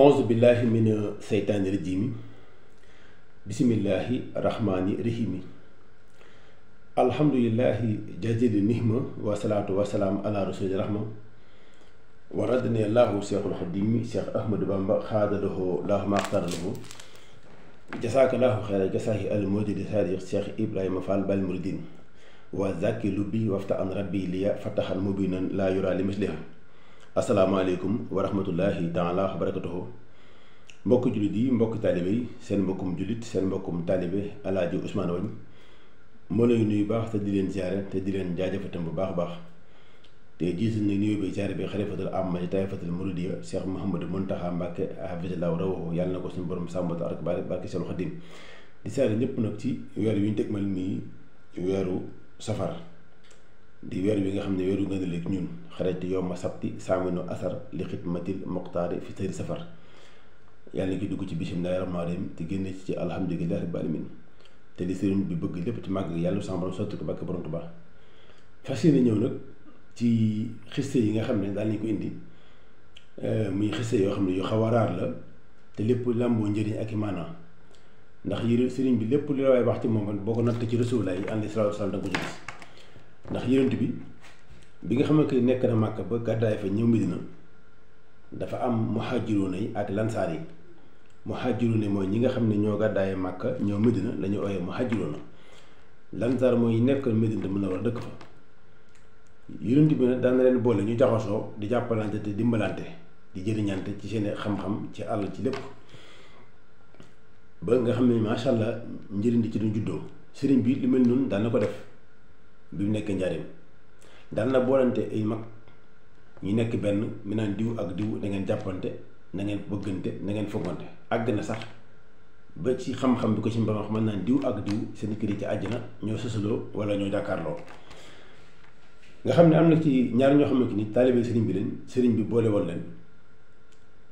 أعوذ بالله من الشيطان الرجيم بسم الله الرحمن الرحيم الحمد لله جزيل النهمة والصلاة والسلام على رسول الرحمة وردني الله شيخ الحديم شيخ أحمد بامبا له الله ما اختار له جزاك الله خير جزاه الموجد صادق شيخ إبراهيم فال بالمردين وذاك لبي وافتح ربي لي فتحا مبينا لا يرى لمثلها assalamu alaykum wa rahmatullahi taala wa barakatuh mbok julit yi mbok talibey sen mbokum julit sen mbokum talibé aladi Ousmane Wagne mo lay nuyu bax te di len ziare te di leen jaajëfatam bu bax bax te jiital ni nuyu be ziare be khalifatul amma tayfatul muridiya Cheikh mohammed muntaha mbake Mbacké allah rawo yàlla nako sun borom sàmbata tarak barke barki Seexul khadim di ziare ñep nak ci weer yuñ tekmal tëgmal wéru safar di weer wi nga xam ne weeru gën a léeg ñun xarati yow ma sabti saaminu asar li xit matil moxtaari fi sëri safar yàlla ngi dugg ci bisimilahi rahmaani rahim te génn ci ci alhamdulilahi rabbil alamin te di sëriñ bi bëgg lépp ci màgg yàlla sama borom sotti ko bàkk borom Tuubaa fas yéene ñëw nag ci xiste yi nga xam ne daal nañ ko indi muy xiste yoo xam ne yu xaw a raar la te lépp làmboo njëriñ ak maanaa ndax yi sëriñ bi lépp li la waay wax ci moom boo ko natt ci Rasulullah yi àndi salaatu salaam da nga ko ci gis ndax yonent bi bi nga xamante ni nekk na Màkka ba gàddaay fa ñëw Medina dafa am mu muhaajiruuna yi ak lansaar yi muhaajiruuna mooy ñi nga xam ne ñoo gàddaay Màkka ñëw Medina la ñu ooyee muhaajiruuna lansaar mooy nekk Medina mën na war dëkk fa yonent bi nag daan na leen boole ñu jaxasoo di jàppalante te dimbalante di jëriñante ci seen xam-xam ci àll ci lépp ba nga xam ne macha allah njëriñ di ci duñ juddoo sëriñ bi li mel noonu daan na ko def. bi mu nekk njariñ dal na boolante ay mag ñu nekk benn mi naan diw ak diw dangeen ngeen jàppante na ngeen bëggante na ngeen foogante àgg na sax ba ci xam-xam bi ko ci mbama mën naan diw ak diw seen kër yi ci àjjana ñoo sosaloo wala ñoo jàkkaarloo nga xam ne am na ci ñaar ñoo xam ne ni taalibe sëriñ bi leen sëriñ bi boole woon leen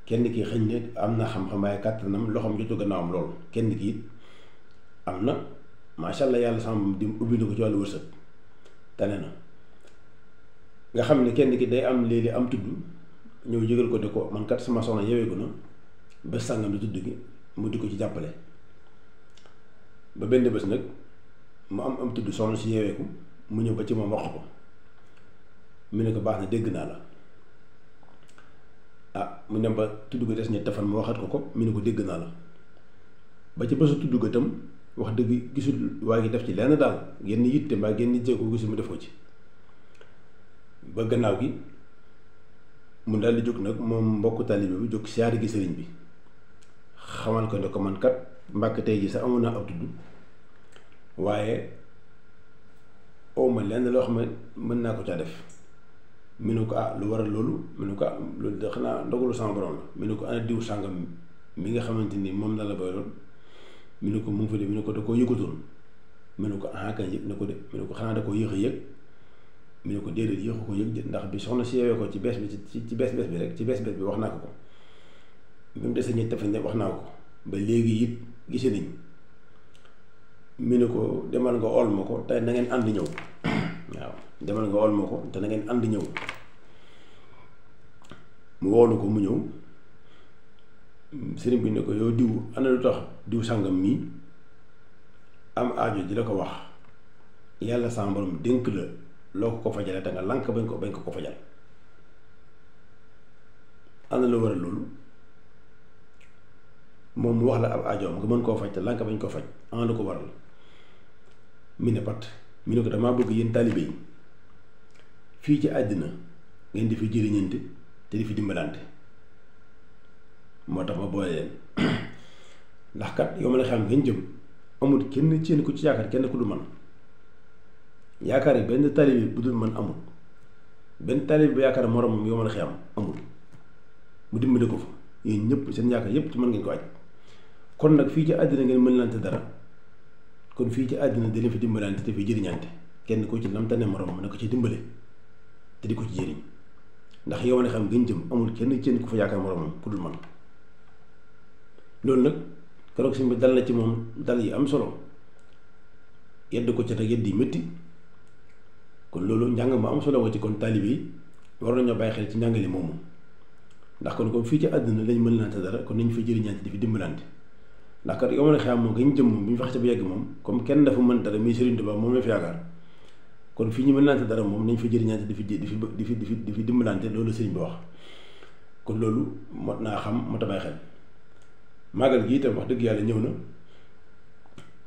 kenn ki xëñ ne am na xam-xam waaye kàttanam loxoom jotu gannaawam loolu kenn ki it am na macha allah yàlla sàmm di ubbi ko ci wàllu tane na nga xam ne kenn ki day am léeg-léeg am tudd ñëw yëgal ko ne ko man sama soxna yeweeku na ba sàngam di tudd gi mu di ko ci jàppale ba benn bés nag mu am am tudd soxna si yeweeku mu ñëw ba ci moom wax ko mu ne ko baax na dégg naa la ah mu ne ba tudd ga des ñetti fan mu waxat ko ko mu ne ko dégg naa la ba ci bésu tudd ga tam wax deug gisul waa def ci lenn daal yenn yitte mbaa yenn jéego gisul mu defoo ci ba gannaaw gi mu daal di jóg nag moom mbokk taalibe bi jóg siyaare gi sëriñ bi xamal ko ne ko man kat mbàkk tey ji sax amoon naa ab tudd waaye ma lenn loo xam ne mën naa ko caa def mu ko ah lu waral loolu mu ne ko ah loolu de xanaa ndogalu sama borom la mu ko ana diw sàngam mi nga xamante ni moom la la boyloon mu ne ko mu ngi fa de mu ne ko de koo yëgutoon mu ne ko ah kay yëg na ko de mu ne ko xanaa da koo yëg a yëg mu ne ko déedéet yëgu ko yëg ndax bi soxna si yeewee ko ci bees bi ci ci bees bees bi rek ci bees bees bi wax naa ko ko bi mu dese ñetti fan wax naa ko ba léegi it gisee nañ mu ne ko demal nga ol ma ko tey na ngeen ànd ñëw waaw demal nga ol ma ko te na ngeen ànd ñëw mu woolu ko mu ñëw. sëriñ bi ne ko yow diw ana lu tax diw sàngam mii am aajo di la ko wax yàlla sama borom dénk la loo ko ko fajale te nga lànk bañ ko bañ ko ko fajal ana la waral loolu moom mu wax la ab aajoom nga mën koo faj te lànk bañ ko faj ana lu ko waral mi ne pat mi ne ko damaa bëgg yéen taalibe fii ci àddina ngeen di fi jëriñante te di fi dimbalante moo tax ma boole leen ndax kat yow ma la xam ngeen jëm amul kenn ci yéen ku ci yaakaar kenn ku du man yaakaar yi benn taalibe bu dul man amul benn taalibe bu yaakaar moromam yow ma la xam amul mu dimbali ko fa yéen ñëpp seen yaakaar yëpp mën ngeen ko aj nag fii ci àddina ngeen mën lante dara kon fii ci àddina dinañ fi dimbalante te fi jëriñante kenn ko ci lamtane moromam na ko ci dimbale di ko ci yow ma la xam ngeen jëm amul kenn ci ku fa yaakaar moromam ku dul man loolu nag keroog sëñ bi dal la ci moom dal yi am solo yedd ko ca nag yedd yi métti kon loolu njàng ma am solo nga ci kon taalibe yi war nañoo bàyyi xel ci njàngale moomu ndax kon comme fii ci àdduna lañ mën lante dara kon nañ fa fi dimbalante ndax kat yow na xeexam moom gañ jëm moom bi ñu fexe moom comme kenn dafa mën dara muy Serigne Touba moom la fi yaakaar kon fii ñu mën dara moom nañ fa jëriñante di fi di fi di fi di fi dimbalante loolu Serigne bi wax kon loolu mot naa xam mot a xel magal gi itam wax dëgg yàlla ñëw na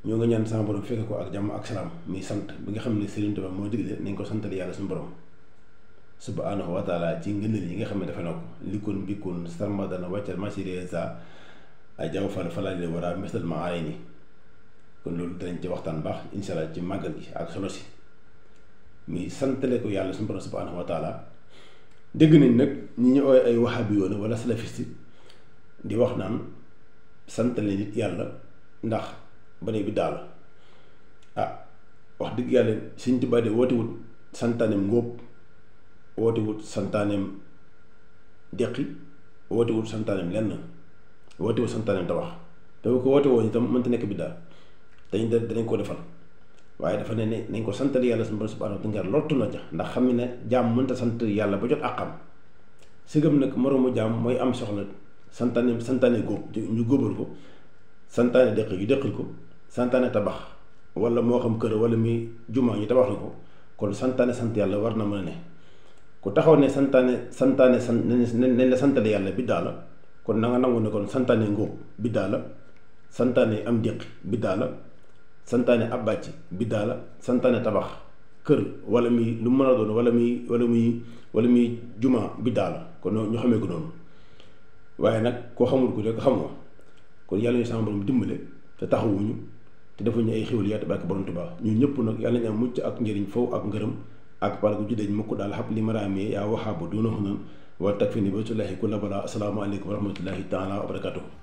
ñoo nga ñaan sama borom fekk ko ak jàmm ak salaam mi sant bi nga xam ne Serigne Touba moo digle nañ ko santal yàlla suñu borom subhanahu wa taala ci ngëneel yi nga xam ne dafa na ko likkoon bikkoon sarmadana wàccal masiresa ay jaw fal falale war mesal ma ay ni kon loolu danañ ci waxtaan baax inshallah ci magal gi ak solo si mi santale ko yàlla suñu borom subhanahu wa taala dégg nañ nag ñi ñu ooy ay wahabi yoon wala salafiste di wax naan santale nit yàlla ndax ba ne bi daal ah wax dëgg yàlla Sëñ Tuubaa de wootewut santaaneem ngóob wootewut santaaneem deqi wootewut santaaneem lenn wootewut santaaneem tabax te bu ko woote woon itam mënta nekk bi daal dañ danañ ko defal waaye dafa ne ne nañ ko santale yàlla suñu borom subhaanahu wa taala lottu na ca ndax xam ne ne jaam mënta sant yàlla ba jot àqam sëgam nag moroomu jaam mooy am soxla santane santane go ñu gobal ko santane dëkk gi dëkkal ko santane tabax wala mo xam kër wala mi juma ñu tabax ko kon santane sant yàlla war na mën a ne ku taxaw ne santane santane ne ne santale yàlla bi daala kon na nga nangu ne kon santane go bi daala santane am dëkk bi daala santane ab bi daala santane tabax kër wala mi lu mëna doon wala mi wala mi wala mi juma bi daala kon ñu xamé ko noonu waaye nag koo xamul ko rek xamoo kon yàlla ñu sama borom dimbale te taxawuñu te defuñu ay xéwal yaatu barke borom Tuubaa ñun ñëpp nag yàlla ñu am mucc ak njëriñ faw ak ngërëm ak barke ju deñ mokk daal xab li maraamee yaa waxaabu doonahu nan wal tag fi ni ba sulahi ku la bala asalaamaaleykum wa rahmatullahi taala wa